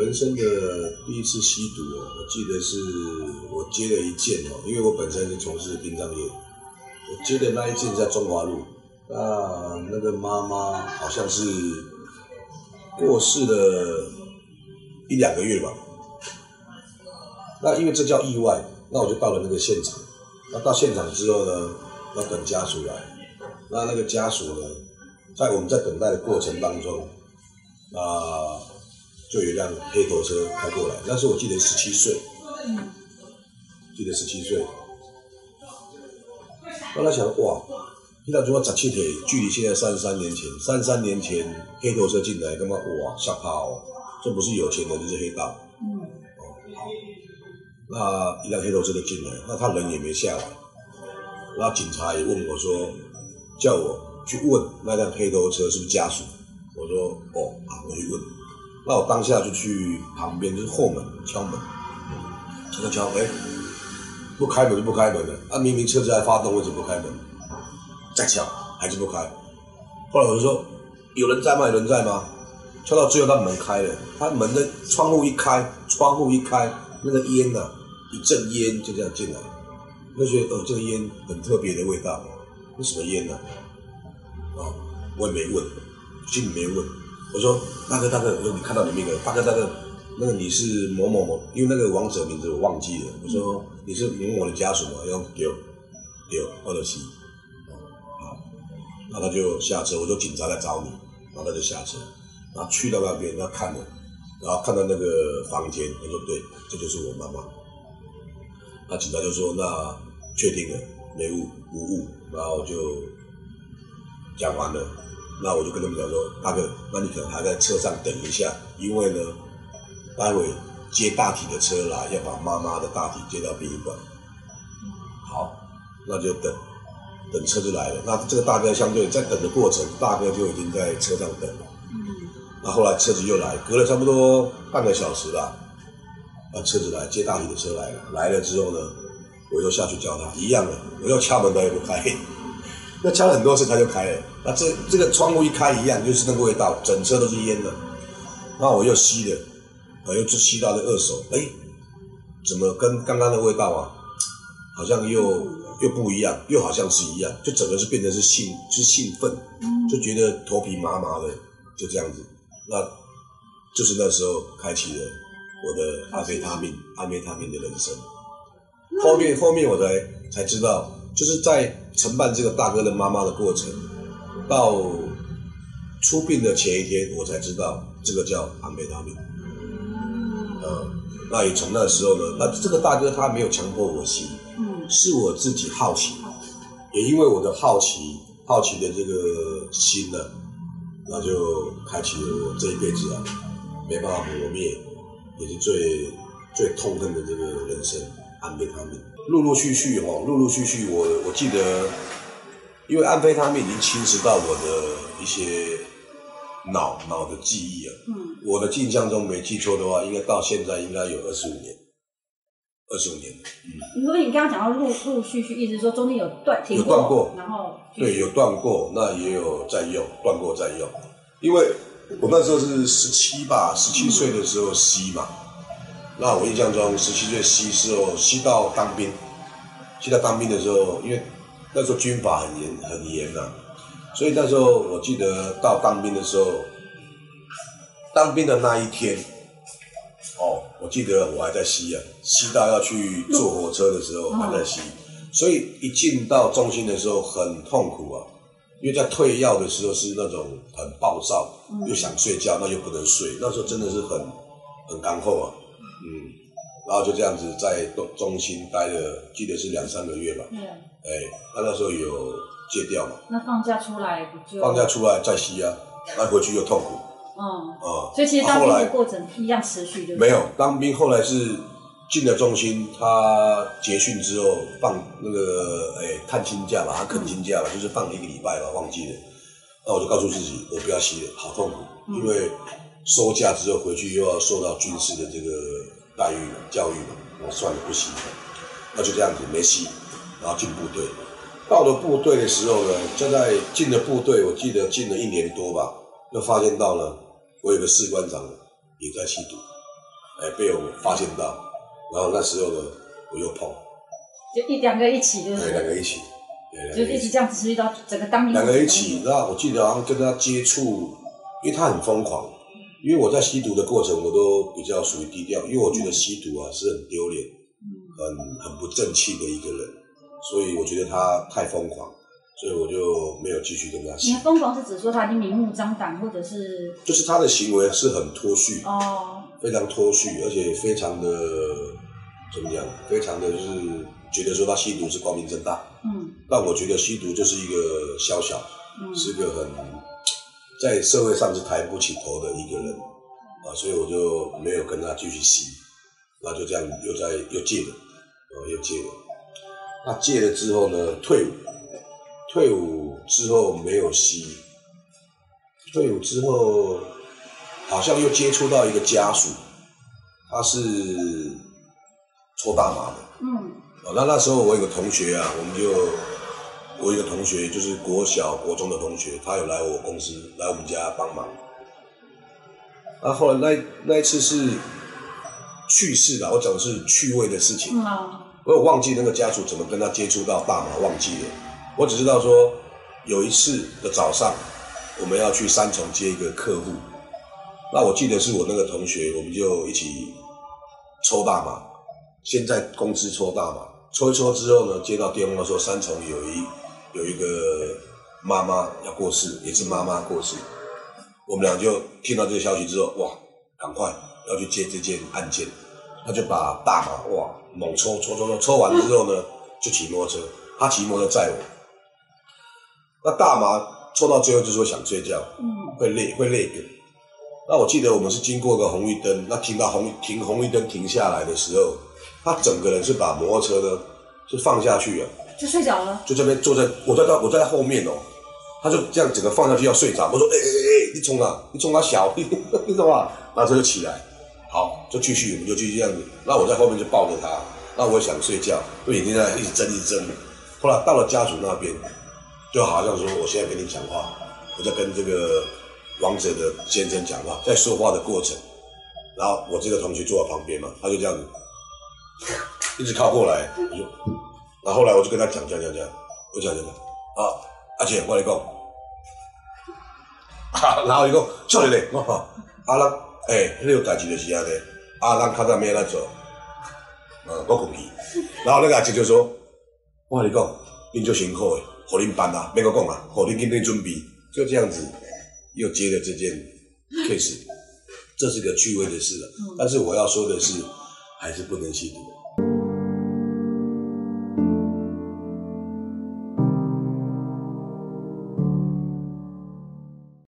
人生的第一次吸毒哦，我記得是我接了一件哦，因為我本身是從事殯葬業，我接的那一件在中華路，那那個媽媽好像是過世了一兩個月吧，那因為這叫意外，那我就到了那個現場，那到現場之後呢，要等家屬來，那那個家屬呢，在我們在等待的過程當中，啊、呃。就有一輛黑頭車開過來，那時候我記得十七歲，記得十七歲。後來想說，哇，那到中央十七距離現在三十三年前，三十三年前黑頭車進來，幹嘛哇嚇跑哦？這、喔、不是有錢人，就是黑道。哦、嗯喔。那一輛黑頭車就進來，那他人也沒下來。那警察也問我說，叫我去問那輛黑頭車是不是家屬？我說，哦、喔、啊，我去問。那我當下就去旁邊，就是後門敲門，敲敲，哎、欸，不開門就不開門了。那、啊、明明車子在發動，為什麼不開門？再敲，還是不開。後來我就說，有人在嗎？有人在嗎？敲到最後，他門開了，他門的窗戶一開，窗戶一開，那個煙呢、啊，一陣煙就這樣進來。那些呃這個煙很特別的味道，那什麼煙呢、啊？啊，我也沒問，進沒問。我說：“大哥，大哥，我說你看到裡面了，個大哥，大哥，那個你是某某某，因為那個王者名字我忘記了。我說你是某我的家屬嗎，幺六六二的七，好，那他就下車。我說警察來找你，然後他就下車，然後去到那邊，他看了，然後看到那個房間，他說對，這就是我媽媽。那警察就說那確定了，沒誤，無誤，然後就講完了。”那我就跟他們講說，大哥，那你可能還在車上等一下，因為呢，待會接大體的車來，要把媽媽的大體接到殯儀館。好，那就等，等車子來了。那這個大哥相對在等的過程，大哥就已經在車上等了。嗯嗯。那後來車子又來，隔了差不多半個小時了，那車子來接大體的車來了。來了之後呢，我又下去叫他，一樣的，我又敲門他也不開。那敲了很多次，它就開了。那這這個窗戶一開，一樣就是那個味道，整車都是煙的。那我又吸了，我又吸到那二手，哎、欸，怎麼跟剛剛的味道啊，好像又又不一樣，又好像是一樣，就整個是變成是興，就是興奮，就覺得頭皮麻麻的，就這樣子。那，就是那時候開啟了我的安非他命、安非他命的人生。後面後面我才才知道。就是在承辦這個大哥的媽媽的過程，到出殯的前一天，我才知道這個叫安非他命。呃、嗯，那也從那時候呢，那這個大哥他沒有強迫我吸，嗯、是我自己好奇，也因為我的好奇，好奇的這個心呢、啊，那就開啟了我這一輩子啊，沒辦法磨滅，也是最最痛恨的這個人生，安非他命。陸陸續續哦、喔，陸陸續續我，我我記得，因為安非他命已經侵蝕到我的一些腦腦的記憶啊。嗯。我的印象中，沒記錯的話，應該到現在應該有二十五年，二十五年。嗯。如果你說你剛剛講到陸陸陸續續，一直說中間有斷，有斷過，過然後對，有斷過，那也有再用，斷過再用。因為我那時候是十七吧，十七歲的時候吸嘛。嗯嗯那我印象中，十七歲吸的時候，吸到當兵，吸到當兵的時候，因為那時候軍法很嚴，很嚴啊。所以那時候我記得到當兵的時候，當兵的那一天，哦，我記得我還在吸啊，吸到要去坐火車的時候還在吸。哦、所以一進到中心的時候很痛苦啊，因為在退藥的時候是那種很暴躁，又想睡覺，那又不能睡。那時候真的是很很幹厚啊。然後就這樣子在中中心待了，記得是兩三個月吧。對。Yeah. 哎，那那時候有戒掉嘛？那放假出來不就？放假出來再吸啊！那回去又痛苦。哦、嗯。啊、嗯。所以其實當兵的過程一樣持續的、就是。啊、沒有當兵，後來是進了中心，他結訓之後放那個哎探親假吧，探親假吧，就是放了一個禮拜吧，忘記了。那我就告訴自己，我不要吸了，好痛苦，嗯、因為收假之後回去又要受到軍事的這個。待遇教育嘛，我算的不行，那就這樣子沒事，然後進部隊。到了部隊的時候呢，就在進了部隊，我記得進了一年多吧，就發現到了我有個士官長也在吸毒，哎、欸，被我發現到，然後那時候呢，我又碰，就一兩個一起的，兩個一起，一起就一直這樣子持續到整個當兵，兩個一起，一起。那我記得好像跟他接觸，因為他很瘋狂。因為我在吸毒的過程，我都比較屬於低調，因為我覺得吸毒啊是很丟臉，很很不正氣的一個人，所以我覺得他太瘋狂，所以我就沒有繼續跟他吸。你的瘋狂是指說他已經明目張膽，或者是？就是他的行為是很脫序，哦，非常脫序，而且非常的怎麼講？非常的就是覺得說他吸毒是光明正大，嗯，但我覺得吸毒就是一個消遣，嗯，是個很。在社會上是抬不起頭的一個人，啊，所以我就沒有跟他繼續吸，那就這樣又在又戒了，啊，又戒了。那戒了之後呢，退伍，退伍之後沒有吸，退伍之後好像又接觸到一個家屬，他是抽大麻的，嗯，啊，那那時候我有個同學啊，我們就。我一個同學，就是國小、國中的同學，他有來我公司，來我們家幫忙。那、啊、後來那那一次是趣事了，我講的是趣味的事情。嗯、我有我忘記那個家屬怎麼跟他接觸到大麻，忘記了。我只知道說有一次的早上，我們要去三重接一個客戶。那我記得是我那個同學，我們就一起抽大麻。先在公司抽大麻，抽一抽之後呢，接到電話說三重有一。有一個媽媽要過世，也是媽媽過世，我們倆就聽到這個消息之後，哇，趕快要去接這件案件，他就把大麻哇猛抽抽、抽，抽完之後呢，就騎摩托車，他騎摩托車載我。那大麻抽到最後就說想睡覺，會累會累的。那我記得我們是經過一個紅綠燈，那停到紅停紅綠燈停下來的時候，他整個人是把摩托車呢是放下去了。就睡着了，就這邊坐在，我在到我，我在後面哦，他就這樣整個放下去要睡着，我說哎哎哎，你衝啊，你衝他小， 你知道嗎？然後他就起來，好，就繼續，我們就繼續這樣子。那我在後面就抱着他，那我想睡覺，就眼睛在一直睜一睜。後來到了家屬那邊，就好像說我現在跟你講話，我在跟這個王者的先生講話，在說話的過程，然後我這個同學坐在旁邊嘛，他就這樣子一直靠過來，我就。然後,後來我就跟他講講講,講，我講講好講、啊、阿姐，我來講。好、啊，然後我講，笑死你！我、啊、好，阿拉哎，那個代志就是這樣的，阿拉卡在沒有那做，嗯、啊，不服氣。然後那個阿姐就說，我來講，你就行好誒，好恁辦啊沒個講啊好恁今天準備，就這樣子，又接了這件 case，這是個趣味的事了。嗯。但是我要說的是，還是不能吸毒。